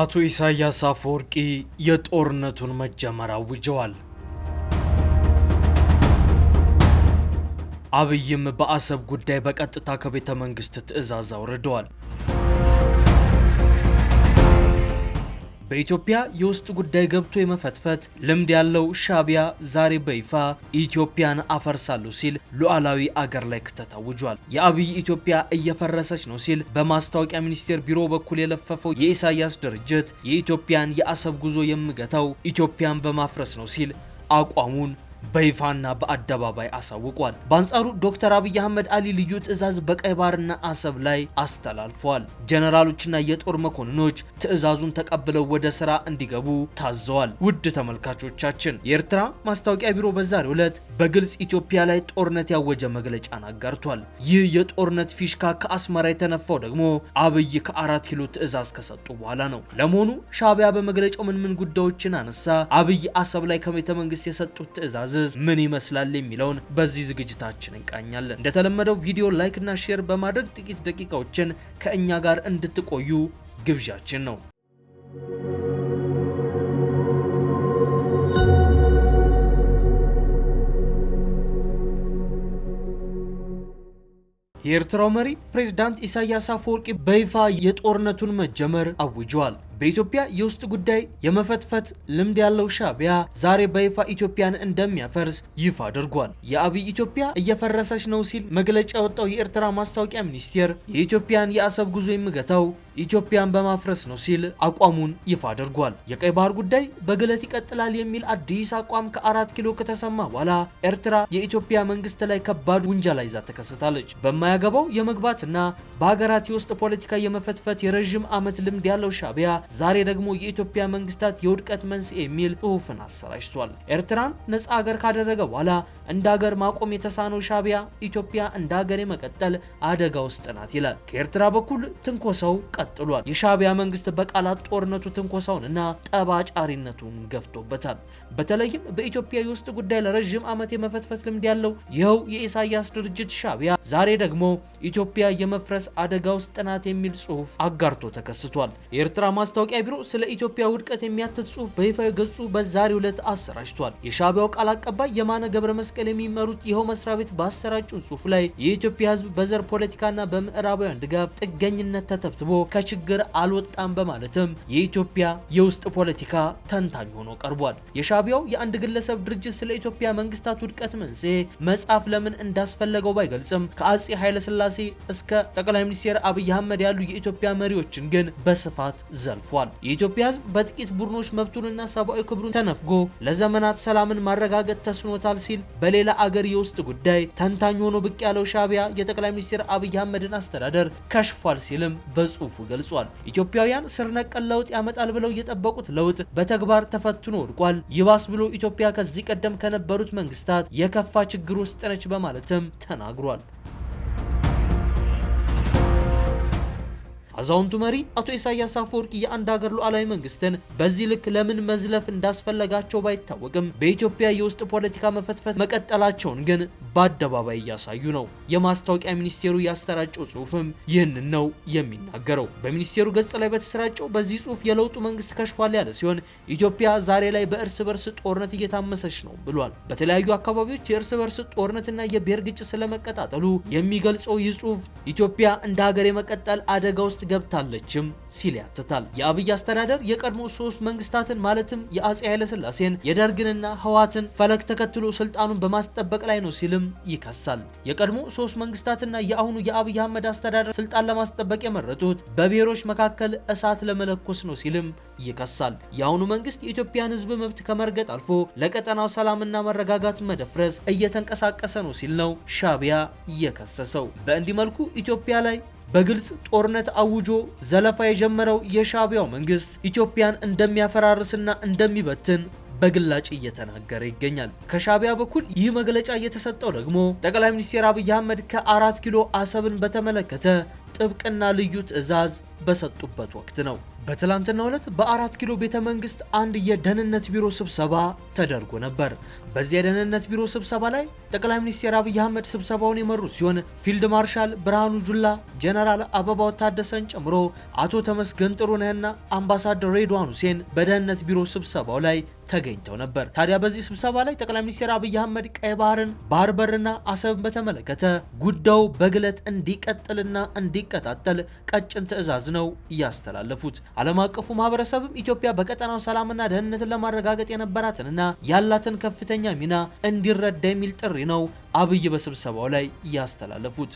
አቶ ኢሳያስ አፈወርቂ የጦርነቱን መጀመር አውጀዋል። አብይም በአሰብ ጉዳይ በቀጥታ ከቤተ መንግስት ትዕዛዝ አውርደዋል። በኢትዮጵያ የውስጥ ጉዳይ ገብቶ የመፈትፈት ልምድ ያለው ሻቢያ ዛሬ በይፋ ኢትዮጵያን አፈርሳለሁ ሲል ሉዓላዊ አገር ላይ ክተት አውጇል። የአብይ ኢትዮጵያ እየፈረሰች ነው ሲል በማስታወቂያ ሚኒስቴር ቢሮ በኩል የለፈፈው የኢሳያስ ድርጅት የኢትዮጵያን የአሰብ ጉዞ የምገታው ኢትዮጵያን በማፍረስ ነው ሲል አቋሙን በይፋና በአደባባይ አሳውቋል። በአንጻሩ ዶክተር አብይ አህመድ አሊ ልዩ ትዕዛዝ በቀይ ባህርና አሰብ ላይ አስተላልፏል። ጀነራሎችና የጦር መኮንኖች ትዕዛዙን ተቀብለው ወደ ስራ እንዲገቡ ታዘዋል። ውድ ተመልካቾቻችን የኤርትራ ማስታወቂያ ቢሮ በዛሬው ዕለት በግልጽ ኢትዮጵያ ላይ ጦርነት ያወጀ መግለጫን አጋርቷል። ይህ የጦርነት ፊሽካ ከአስመራ የተነፋው ደግሞ አብይ ከአራት ኪሎ ትዕዛዝ ከሰጡ በኋላ ነው። ለመሆኑ ሻቢያ በመግለጫው ምን ምን ጉዳዮችን አነሳ? አብይ አሰብ ላይ ከቤተ መንግስት የሰጡት ትዕዛዝ አያያዝስ ምን ይመስላል የሚለውን በዚህ ዝግጅታችን እንቃኛለን። እንደተለመደው ቪዲዮ ላይክ እና ሼር በማድረግ ጥቂት ደቂቃዎችን ከእኛ ጋር እንድትቆዩ ግብዣችን ነው። የኤርትራው መሪ ፕሬዝዳንት ኢሳያስ አፈወርቂ በይፋ የጦርነቱን መጀመር አውጀዋል። በኢትዮጵያ የውስጥ ጉዳይ የመፈትፈት ልምድ ያለው ሻቢያ ዛሬ በይፋ ኢትዮጵያን እንደሚያፈርስ ይፋ አድርጓል። የአብይ ኢትዮጵያ እየፈረሰች ነው ሲል መግለጫ ያወጣው የኤርትራ ማስታወቂያ ሚኒስቴር የኢትዮጵያን የአሰብ ጉዞ የሚገታው ኢትዮጵያን በማፍረስ ነው ሲል አቋሙን ይፋ አድርጓል። የቀይ ባህር ጉዳይ በግለት ይቀጥላል የሚል አዲስ አቋም ከአራት ኪሎ ከተሰማ በኋላ ኤርትራ የኢትዮጵያ መንግስት ላይ ከባድ ውንጀላ ይዛ ተከስታለች። በማያገባው የመግባትና በሀገራት የውስጥ ፖለቲካ የመፈትፈት የረዥም ዓመት ልምድ ያለው ሻቢያ ዛሬ ደግሞ የኢትዮጵያ መንግስታት የውድቀት መንስኤ የሚል ጽሑፍን አሰራጭቷል። ኤርትራን ነጻ ሀገር ካደረገ በኋላ እንደ ሀገር ማቆም የተሳነው ሻቢያ ኢትዮጵያ እንደ ሀገር የመቀጠል አደጋ ውስጥ ናት ይላል። ከኤርትራ በኩል ትንኮሳው ቀጥሏል። የሻቢያ መንግስት በቃላት ጦርነቱ ትንኮሳውንና ጠባጫሪነቱን ገፍቶበታል። በተለይም በኢትዮጵያ የውስጥ ጉዳይ ለረዥም ዓመት የመፈትፈት ልምድ ያለው ይኸው የኢሳያስ ድርጅት ሻቢያ ዛሬ ደግሞ ኢትዮጵያ የመፍረስ አደጋ ውስጥ ጥናት የሚል ጽሁፍ አጋርቶ ተከስቷል። የኤርትራ ማስታወቂያ ቢሮ ስለ ኢትዮጵያ ውድቀት የሚያትት ጽሁፍ በይፋዊ ገጹ በዛሬው ዕለት አሰራጭቷል። የሻቢያው ቃል አቀባይ የማነ ገብረ መስቀል የሚመሩት ይኸው መስሪያ ቤት ባሰራጩን ጽሁፍ ላይ የኢትዮጵያ ህዝብ በዘር ፖለቲካና በምዕራባውያን ድጋፍ ጥገኝነት ተተብትቦ ከችግር አልወጣም በማለትም የኢትዮጵያ የውስጥ ፖለቲካ ተንታኝ ሆኖ ቀርቧል። የሻቢያው የአንድ ግለሰብ ድርጅት ስለ ኢትዮጵያ መንግስታት ውድቀት መንስኤ መጽሐፍ ለምን እንዳስፈለገው ባይገልጽም ከአጼ ኃይለስላሴ እስከ ጠቅላይ ጠቅላይ ሚኒስትር አብይ አህመድ ያሉ የኢትዮጵያ መሪዎችን ግን በስፋት ዘልፏል። የኢትዮጵያ ህዝብ በጥቂት ቡድኖች መብቱንና ሰብአዊ ክብሩን ተነፍጎ ለዘመናት ሰላምን ማረጋገጥ ተስኖታል ሲል በሌላ አገር የውስጥ ጉዳይ ተንታኝ ሆኖ ብቅ ያለው ሻቢያ የጠቅላይ ሚኒስትር አብይ አህመድን አስተዳደር ከሽፏል ሲልም በጽሁፉ ገልጿል። ኢትዮጵያውያን ስር ለውጥ ያመጣል ብለው የጠበቁት ለውጥ በተግባር ተፈትኖ ወድቋል። ይባስ ብሎ ኢትዮጵያ ከዚህ ቀደም ከነበሩት መንግስታት የከፋ ችግር ውስጥ ነች በማለትም ተናግሯል። አዛውንቱ መሪ አቶ ኢሳያስ አፈወርቂ የአንድ ሀገር ሉዓላዊ መንግስትን በዚህ ልክ ለምን መዝለፍ እንዳስፈለጋቸው ባይታወቅም በኢትዮጵያ የውስጥ ፖለቲካ መፈትፈት መቀጠላቸውን ግን በአደባባይ እያሳዩ ነው። የማስታወቂያ ሚኒስቴሩ ያሰራጨው ጽሁፍም ይህንን ነው የሚናገረው። በሚኒስቴሩ ገጽ ላይ በተሰራጨው በዚህ ጽሁፍ የለውጡ መንግስት ከሽፏል ያለ ሲሆን ኢትዮጵያ ዛሬ ላይ በእርስ በርስ ጦርነት እየታመሰች ነው ብሏል። በተለያዩ አካባቢዎች የእርስ በርስ ጦርነትና የብሔር ግጭት ስለመቀጣጠሉ የሚገልጸው ይህ ጽሁፍ ኢትዮጵያ እንደ ሀገር የመቀጠል አደጋ ውስጥ ውስጥ ገብታለችም ሲል ያትታል። የአብይ አስተዳደር የቀድሞ ሶስት መንግስታትን ማለትም የአጼ ኃይለስላሴን የደርግንና ህዋትን ፈለግ ተከትሎ ስልጣኑን በማስጠበቅ ላይ ነው ሲልም ይከሳል። የቀድሞ ሶስት መንግስታትና የአሁኑ የአብይ አህመድ አስተዳደር ስልጣን ለማስጠበቅ የመረጡት በብሔሮች መካከል እሳት ለመለኮስ ነው ሲልም ይከሳል። የአሁኑ መንግስት የኢትዮጵያን ህዝብ መብት ከመርገጥ አልፎ ለቀጠናው ሰላምና መረጋጋት መደፍረስ እየተንቀሳቀሰ ነው ሲል ነው ሻቢያ የከሰሰው። በእንዲህ መልኩ ኢትዮጵያ ላይ በግልጽ ጦርነት አውጆ ዘለፋ የጀመረው የሻቢያው መንግስት ኢትዮጵያን እንደሚያፈራርስና እንደሚበትን በግላጭ እየተናገረ ይገኛል። ከሻቢያ በኩል ይህ መግለጫ እየተሰጠው ደግሞ ጠቅላይ ሚኒስትር አብይ አህመድ ከአራት ኪሎ አሰብን በተመለከተ ጥብቅና ልዩ ትዕዛዝ በሰጡበት ወቅት ነው። በትላንትናው ዕለት በአራት ኪሎ ቤተ መንግስት አንድ የደህንነት ቢሮ ስብሰባ ተደርጎ ነበር። በዚህ የደህንነት ቢሮ ስብሰባ ላይ ጠቅላይ ሚኒስትር አብይ አህመድ ስብሰባውን የመሩ ሲሆን ፊልድ ማርሻል ብርሃኑ ጁላ፣ ጀነራል አበባው ታደሰን ጨምሮ አቶ ተመስገን ጥሩነህና አምባሳደር ሬድዋን ሁሴን በደህንነት ቢሮ ስብሰባው ላይ ተገኝተው ነበር። ታዲያ በዚህ ስብሰባ ላይ ጠቅላይ ሚኒስትር አብይ አህመድ ቀይ ባህርን፣ ባህር በርና አሰብን በተመለከተ ጉዳዩ በግለት እንዲቀጥልና እንዲቀጣጠል ቀጭን ትዕዛዝ ነው እያስተላለፉት። ዓለም አቀፉ ማህበረሰብም ኢትዮጵያ በቀጠናው ሰላምና ደህንነትን ለማረጋገጥ የነበራትንና ያላትን ከፍተኛ ሚና እንዲረዳ የሚል ጥሪ ነው አብይ በስብሰባው ላይ ያስተላለፉት።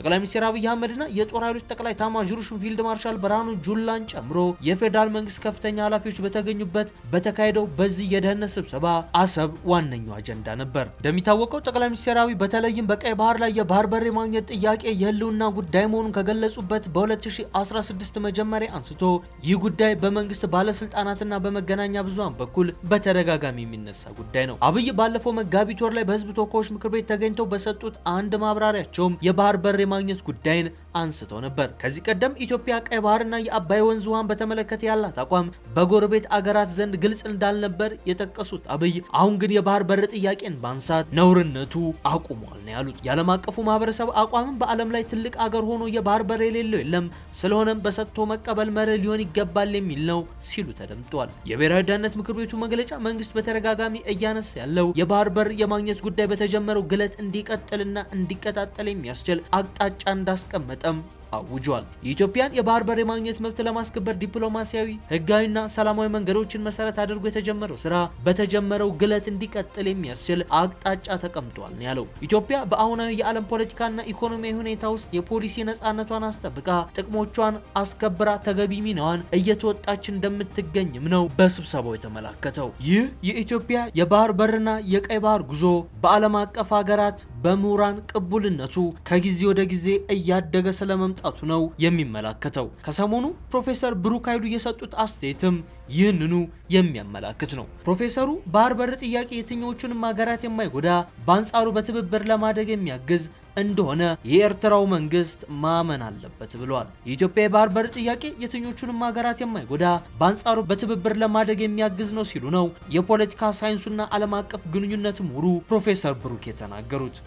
ጠቅላይ ሚኒስትር አብይ አህመድና የጦር ኃይሎች ጠቅላይ ኤታማዦር ሹም ፊልድ ማርሻል ብርሃኑ ጁላን ጨምሮ የፌዴራል መንግስት ከፍተኛ ኃላፊዎች በተገኙበት በተካሄደው በዚህ የደህንነት ስብሰባ አሰብ ዋነኛው አጀንዳ ነበር። እንደሚታወቀው ጠቅላይ ሚኒስትር አብይ በተለይም በቀይ ባህር ላይ የባህር በር የማግኘት ጥያቄ የህልውና ጉዳይ መሆኑን ከገለጹበት በ2016 መጀመሪያ አንስቶ ይህ ጉዳይ በመንግስት ባለስልጣናትና በመገናኛ ብዙሃን በኩል በተደጋጋሚ የሚነሳ ጉዳይ ነው። አብይ ባለፈው መጋቢት ወር ላይ በህዝብ ተወካዮች ምክር ቤት ተገኝተው በሰጡት አንድ ማብራሪያቸውም የባህር በር የማግኘት ጉዳይን አንስቶ ነበር። ከዚህ ቀደም ኢትዮጵያ ቀይ ባህርና የአባይ ወንዝ ውሃን በተመለከተ ያላት አቋም በጎረቤት አገራት ዘንድ ግልጽ እንዳልነበር የጠቀሱት አብይ አሁን ግን የባህር በር ጥያቄን ባንሳት ነውርነቱ አቁሟል ነው ያሉት። የዓለም አቀፉ ማህበረሰብ አቋምም በዓለም ላይ ትልቅ አገር ሆኖ የባህር በር የሌለው የለም፣ ስለሆነም በሰጥቶ መቀበል መርህ ሊሆን ይገባል የሚል ነው ሲሉ ተደምጧል። የብሔራዊ ደህንነት ምክር ቤቱ መግለጫ መንግስት በተደጋጋሚ እያነሳ ያለው የባህር በር የማግኘት ጉዳይ በተጀመረው ግለት እንዲቀጥልና እንዲቀጣጠል የሚያስችል አቅጣ አቅጣጫ እንዳስቀመጠም አውጇል። የኢትዮጵያን የባህር በር የማግኘት መብት ለማስከበር ዲፕሎማሲያዊ፣ ህጋዊና ሰላማዊ መንገዶችን መሰረት አድርጎ የተጀመረው ስራ በተጀመረው ግለት እንዲቀጥል የሚያስችል አቅጣጫ ተቀምጧል ነው ያለው። ኢትዮጵያ በአሁናዊ የዓለም ፖለቲካና ኢኮኖሚያዊ ሁኔታ ውስጥ የፖሊሲ ነፃነቷን አስጠብቃ ጥቅሞቿን አስከብራ ተገቢ ሚናዋን እየተወጣች እንደምትገኝም ነው በስብሰባው የተመላከተው። ይህ የኢትዮጵያ የባህር በርና የቀይ ባህር ጉዞ በዓለም አቀፍ ሀገራት በምሁራን ቅቡልነቱ ከጊዜ ወደ ጊዜ እያደገ ስለመምጣቱ ነው የሚመላከተው። ከሰሞኑ ፕሮፌሰር ብሩክ ኃይሉ የሰጡት አስተያየትም ይህንኑ የሚያመላክት ነው። ፕሮፌሰሩ ባህር በር ጥያቄ የትኞቹንም ሀገራት የማይጎዳ በአንጻሩ በትብብር ለማደግ የሚያግዝ እንደሆነ የኤርትራው መንግስት ማመን አለበት ብሏል። የኢትዮጵያ የባህር በር ጥያቄ የትኞቹንም ሀገራት የማይጎዳ በአንጻሩ በትብብር ለማደግ የሚያግዝ ነው ሲሉ ነው የፖለቲካ ሳይንሱና ዓለም አቀፍ ግንኙነት ምሁሩ ፕሮፌሰር ብሩክ የተናገሩት።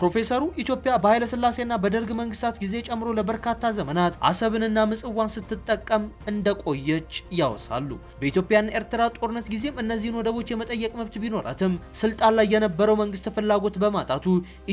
ፕሮፌሰሩ ኢትዮጵያ ስላሴና በደርግ መንግስታት ጊዜ ጨምሮ ለበርካታ ዘመናት አሰብንና ምጽዋን ስትጠቀም እንደቆየች ያወሳሉ። በኢትዮጵያና ኤርትራ ጦርነት ጊዜም እነዚህን ወደቦች የመጠየቅ መብት ቢኖራትም ስልጣን ላይ የነበረው መንግስት ፍላጎት በማጣቱ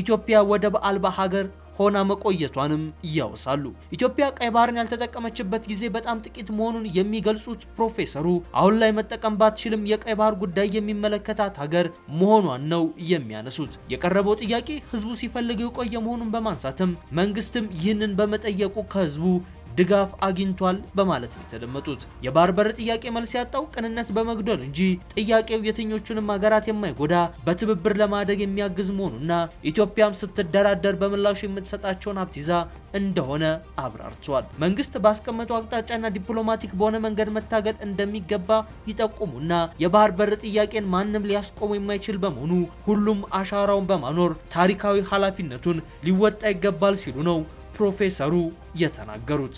ኢትዮጵያ ወደብ አልባ ሀገር ሆና መቆየቷንም እያወሳሉ። ኢትዮጵያ ቀይ ባህርን ያልተጠቀመችበት ጊዜ በጣም ጥቂት መሆኑን የሚገልጹት ፕሮፌሰሩ አሁን ላይ መጠቀም ባትችልም የቀይ ባህር ጉዳይ የሚመለከታት ሀገር መሆኗን ነው የሚያነሱት። የቀረበው ጥያቄ ህዝቡ ሲፈልግ የቆየ መሆኑን በማንሳትም መንግስትም ይህንን በመጠየቁ ከህዝቡ ድጋፍ አግኝቷል በማለት ነው የተደመጡት። የባህር በር ጥያቄ መልስ ያጣው ቅንነት በመጉደሉ እንጂ ጥያቄው የትኞቹንም ሀገራት የማይጎዳ በትብብር ለማደግ የሚያግዝ መሆኑና ኢትዮጵያም ስትደራደር በምላሹ የምትሰጣቸውን ሀብት ይዛ እንደሆነ አብራርተዋል። መንግስት ባስቀመጠው አቅጣጫና ዲፕሎማቲክ በሆነ መንገድ መታገል እንደሚገባ ይጠቁሙና የባህር በር ጥያቄን ማንም ሊያስቆሙ የማይችል በመሆኑ ሁሉም አሻራውን በማኖር ታሪካዊ ኃላፊነቱን ሊወጣ ይገባል ሲሉ ነው ፕሮፌሰሩ የተናገሩት።